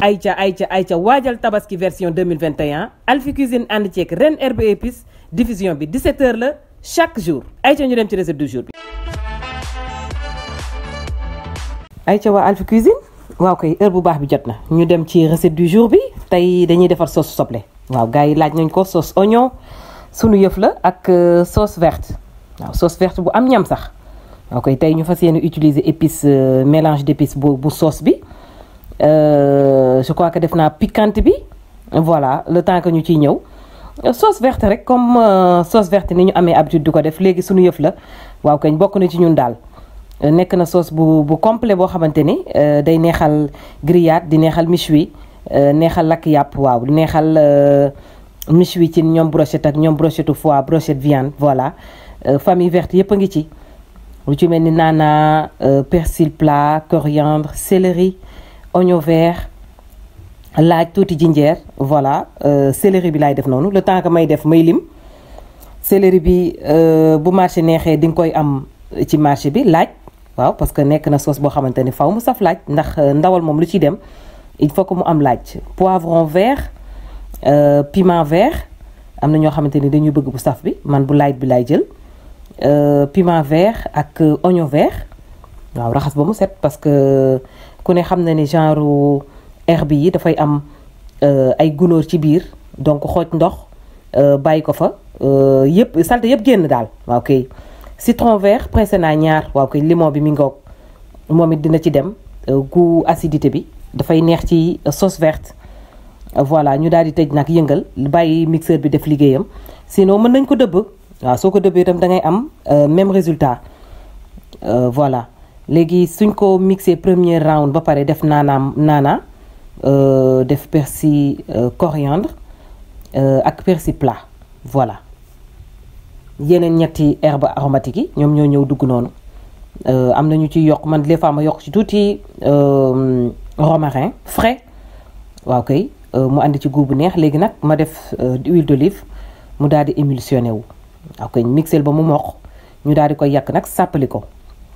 ayca ayca ayca waajal tabaski version 2021 Alphie Cuisine ànd ceeg Reen Herbes et Épices bi 17h la chaque jour ayca ñu dem ci recette du jour bi. ayca waa Alphie Cuisine waaw koy heure bu baax bi jot na ñu dem ci recette du jour bi tey dañuy defar sauce soble waaw gars yi laaj nañ ko sauce oignon sunu yëf la ak euh, sauce verte waaw sauce verte bu am ñam sax waaw koy tey ñu fas yéene utiliser épice euh, mélange d' épice bu soos bi. Euh, je crois que def naa piquante bi voilà le temps que ñu ciy ñëw sauce verte rek comme euh, sauce verte ni ñu amee habitude di ko def léegi suñu yëf la waaw kañ bokk na ci ñun daal euh, nekk na sauce bu bu complet boo xamante ni day neexal grillade di neexal méchoui neexal lakk yàpp waaw neexal wi ci ñoom brochette ak ñoom brochette fois brochette viande voilà famille verte yëpp a ngi ci lu ci mel ni naana persil plat coriandre céleri oignon vert laaj tuuti jinjeer voilà euh, céleri bi laay def noonu le temps que may def may lim céleri bi euh, bu marché neexee dinga koy am ci marché bi laaj waaw parce que nekk na soos boo xamante ni faw mu saf laaj ndax euh, ndawal moom lu ciy dem il faut que mu am laaj poivron vert piment vert am na ñoo xamante ni dañuy bëgg bu saf bi man bu laaj bi laay jël piment vert ak oignon vert waaw raxas ba mu set parce que ku ne xam na ni genre herbe yi dafay am euh, ay gunóor ci biir donc xooj ndox euh, bàyyi ko fa euh, yëpp salte yëpp génn daal waaw kay citron vert pressé naa ñaar waaw kay limon bi mi ngoog moom it dina ci dem gu acidité bi dafay neex ci sos verte voilà ñu daal di tëj nag yëngal bàyyi mixeur bi def liggéeyam sinon mën nañ ko dëbb waaw soo ko dëbbee itam dangay am même résultat voilà léegi suñ ko mixé première round ba pare def naanaam naana euh, def persil euh, coriandre euh, ak persil plat voilà yeneen ñetti herbes aromatiques yi ñoom ñoo ñëw dugg noonu am na ñu ci yokk man des fois ma yokk ci tuuti romarin frais waaw kay mu àndi ci goût bu neex léegi nag ma def huile d'olive mu daal di émulsionné wu waaw kay mixel ba mu mokk ñu daal di koy yàkk nag sàppali ko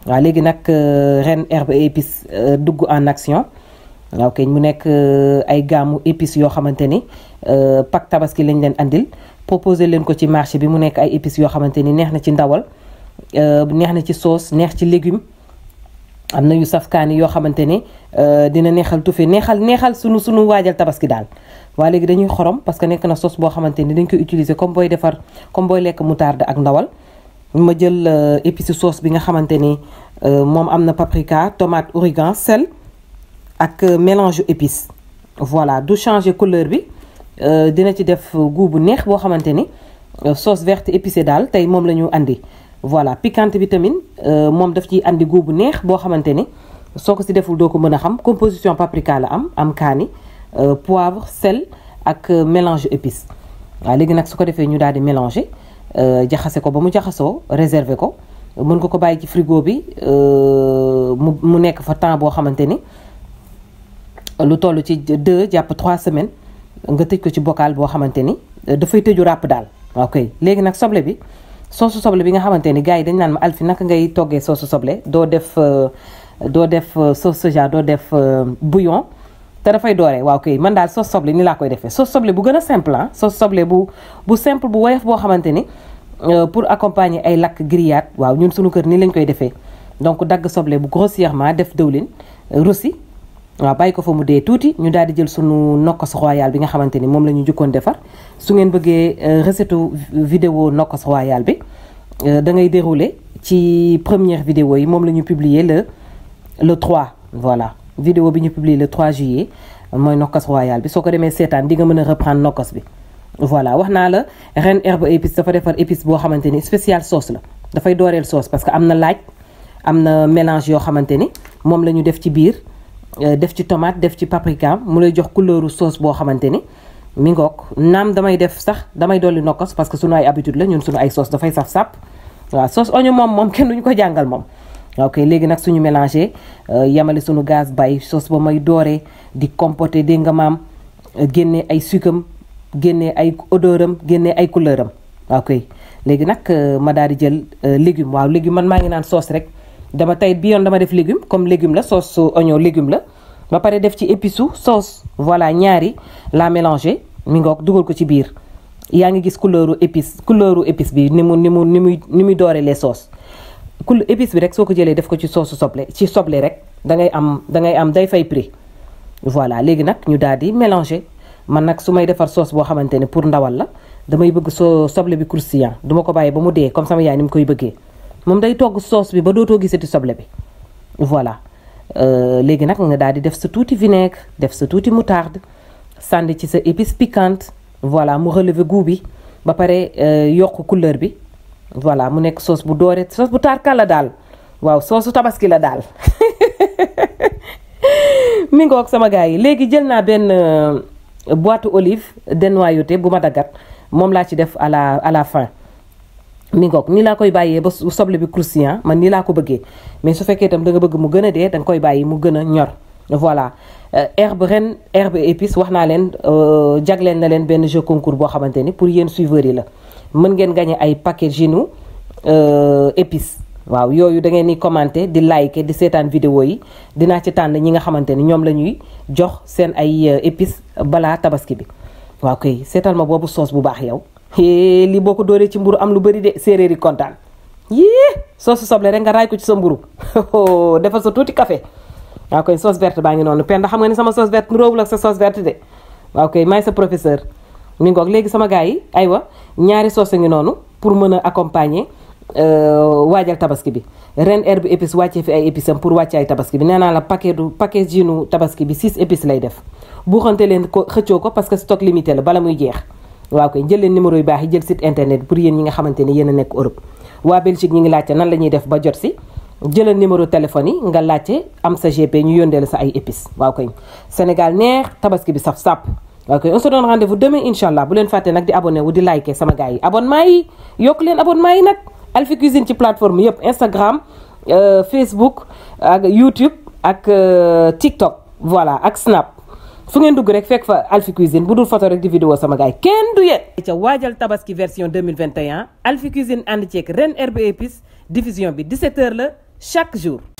waa léegi nag euh, ren herbe épice euh, dugg en action waaw kay mu nekk euh, ay gaamu épices yoo xamante ni pak tabaski lañ leen indil proposé leen ko ci marché bi mu nekk ay épices yoo xamante ni neex na ci ndawal neex na ci sauce neex ci légume am na yu safkaani yoo xamante ni dina neexal tufe neexal neexal sunu sunu waajal tabaski daal waa léegi dañuy xorom parce que nekk na sauce boo xamante ni dañ koy utiliser comme booy defar comme booy lekk moutarde ak ndawal ma jël euh, épice sauce bi nga xamante ni euh, moom am na paprika tomate origan sel ak euh, mélange épice voilà du changer couleur bi dina ci def goût bu neex boo xamante ni sauce verte épicée daal tey moom la ñu andi voilà piquante bi tamit moom daf ciy andi goût bu neex boo xamante ni soo ko si deful doo ko mën a xam composition paprika la am am kaani poivre sel ak mélange épice waaw léegi nag su ko defee ñu daal di mélanger Euh, jaxase ko ba mu jaxasoo réserver ko mën nga ko bàyyi ci frigo bi euh, mu mu nekk fa temps boo xamante ni lu toll ci deux jàpp trois semaines nga tëj ko ci bocal boo xamante ni euh, dafay tëju ràpp daal. ok léegi nag soble bi soosu soble bi nga xamante ni gars yi dañ naan ma Alphie naka ngay toggee soosu soble doo def doo def sauce soja doo def bouillon. te dafay dooree waaw kay man daal sos soble ni laa koy defee sos soble bu gën a simple ah sos soble bu simple bu woyof boo xamante ni euh, pour accompagner ay lakk grillade waaw ñun suñu kër nii lañ koy defee donc dagg soble bu grossièrement def dëwlin euh, rosi waaw bàyyi ko fa mu dee tuuti ñu daal di jël suñu nokkos royal bi nga xamante ni moom la ñu jukkoon defar su ngeen bëggee euh, recette vidéo nokkos royal bi da ngay dérouler ci première vidéo yi moom la ñu publier le le 3 voilà vidéo bi ñu publie le 3 juillet mooy nokkos royal bi soo ko demee seetaan di nga mën a reprendre nokkos bi voilà wax naa la ren Herbes et dafa defar épice boo xamante ni spécial sauce la dafay dooreel sauce parce que am na laaj am na mélange yoo xamante ni moom la ñu def ci biir euh, def ci tomate def ci paprika mu lay jox couleuru sauce boo xamante ni mi ngoog naam damay def sax damay dolli nokkos parce que sunu ay habitude la ñun sunu ay sauce dafay saf sàpp waaw sauce oignon moom moom kenn duñu ko jàngal moom ok léegi nag suñu mélangé euh, yamale suñu gaz bay sos ba may dooree di compoter dégg nga maam euh, génne ay sucam génne ay odeur am génne ay couleur am ok léegi nag euh, ma daal di jël légume waaw légume man maa ngi naan soos rek dama tey bi yoon dama def légume comme légume la soos oignon légume la ba pare def ci épices soos voilà ñaari la mélanger mi ngoog dugal ko ci biir yaa ngi gis couleuru épice couleur épice bi ni mu ni mu ni muy ni muy doorelee soos kul épice bi rek soo ko jëlee def ko ci soosu soble ci soble rek dangay am da am day fay prix voilà léegi nag ñu daal di mélanger man nag su may defar soos boo xamante ne pour ndawal la damay bëgg soo soble bi croustillant duma ko bàyyi ba mu dee comme sama yaay ni mu koy bëggee moom day togg soos bi ba dootoo gisati soble bi voilà euh, léegi nag nga daal di def sa tuuti vinaigre def sa tuuti moutarde sànni ci sa épice piquante voilà mu relever goût bi ba pare euh, yokk couleur bi voilà mu nekk soos bu doore sauce bu tarkal la daal waaw soosu tabaski la daal mi ngoog sama gaa yi léegi jël naa benn euh, boîte olive dénoyauté bu ma daggat moom laa ci def à la à la fin mi ngoog nii laa koy bàyyee ba soble bi croustillant man nii laa ko bëggee mais su fekkee tam da nga bëgg mu gën a dee da koy bàyyi mu gën a ñor voilà euh, herbe ren herbe épice wax naa leen euh, jagleen na leen benn jeu concours boo xamante ni pour yéen suiveurs yi la mën ngeen gagné ay paquet ginu euh, épices waaw yooyu da ngeen di commenter di liker di seetaan vidéo yi dinaa ci tànn ñi nga xamante ni ñoom la ñuy jox seen ay euh, épices balaa tabaski bi waaw kay seetal ma boobu soos bu baax yow lii boo ko dooree ci mburu am lu bëri de séeréer yi kontaan yii soosu soble rek nga raay ko ci sa mburu oh, defal sa tuuti café waaw koy sauce verte baa ngi noonu Penda xam nga ni sama sauce verte nu róowul ak sa sauce verte de waaw koy maay sa professeur mi ngoog léegi sama gars yi aywa ñaari soos a ngi noonu pour mën a accompagner euh, waajal tabaski bi ren herbe épice wàcce fi ay épices am pour wàcce ay tabaski bi nee naa la paquet du paquet jinu tabaski bi 6 lay def buuxante leen ko xëccoo ko parce que stock limité la bala muy jeex waaw koy jël leen numéro yu baax yi jël site internet pour yéen ñi nga xamante ni yéen a nekk Europe waa Belgique ñi ngi laajte nan la ñuy def ba jot si jëlal numéro téléphone yi nga laajte am sa GP ñu yóndee la sa ay épices waaw Sénégal neex tabaski bi saf sàpp ok on se donne rendez-vous demain incha allah bu leen fàtte nag di abonné wu di liker sama gars yi abonnement yi yokk leen abonnement yi nag Alphie Cuisine ci plateforme yëpp Instagram euh, Facebook ak YouTube ak euh, TikTok voilà ak Snap fu ngeen dugg rek fekk fa Alphie Cuisine bu dul photo rek di vidéo sama gars yi kenn du yéen. ca waajal tabaski version 2021 Alphie Cuisine ànd ceeg ren Herbes et Épices bi 17h la chaque jour.